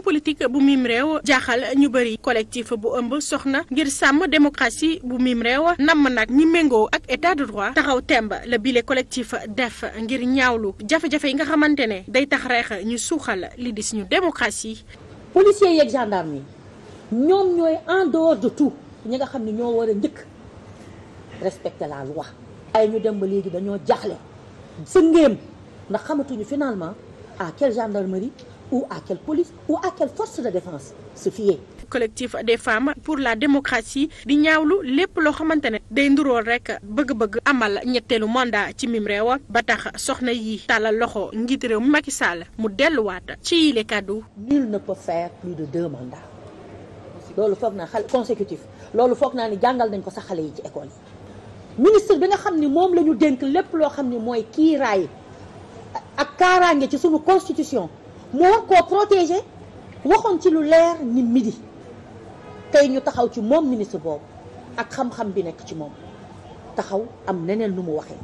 situation politique bu mim réew jaaxal ñu bëri collectif bu ëmb soxna ngir sàmm démocratie bu mim réew namm nag ñi méngoo ak état de droit taxaw temb la bile collectif def ngir ñaawlu jafe-jafe yi nga xamante ne day tax reex ñu suuxal li di suñu démocratie. policiers yeeg gendarme yi ñoom ñooy en dehors de tout ñi nga xam ne ñoo war a njëkk respecte la loi. ay ñu dem ba léegi dañoo jaaxle. sëngéem ndax xamatuñu finalement à quelle gendarmerie ou à quelle police ou ak quelle force de défense se fier. collectif des femmes pour la démocratie di ñaawlu lépp loo xamante ne day ndurool rek bëgg-bëgg amal ñetteelu mandat ci mim réewa ba tax soxna yi tàllal loxo njiit réew mi Macky mu delluwaat ci kàddu. nul ne peut faire plus de deux mandats loolu foog naa xale consécutif loolu foog naa ni jàngal nañ ko sax xale yi ci école yi ministre bi nga xam ni moom lañu dénk lépp loo xam ni mooy kiiraay ak kaaraange ci suñu constitution. mu war koo protéger waxoon ci lu leer ni midi tey ñu taxaw ci moom ministre boobu ak xam-xam bi nekk ci moom taxaw am neneen lu mu waxee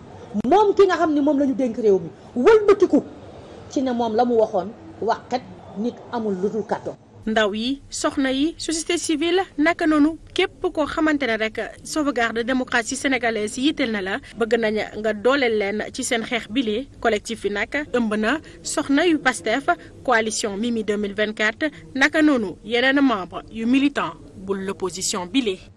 moom ki nga xam ni moom lañu ñu dénk réew mi wëlbatiku ci ne moom la mu waxoon waxkat nit amul lu dul kàddoom ndaw yi soxna yi société civile naka noonu képp koo xamante ne rek sauvegarde démocratie sénégalaise yitteel na la bëgg nañu nga dooleel leen ci seen xeex bile collectif bi nag ëmb na soxna yu Pastef coalition Mimi 2024 naka noonu yeneen membre yu militant bu l'opposition bile.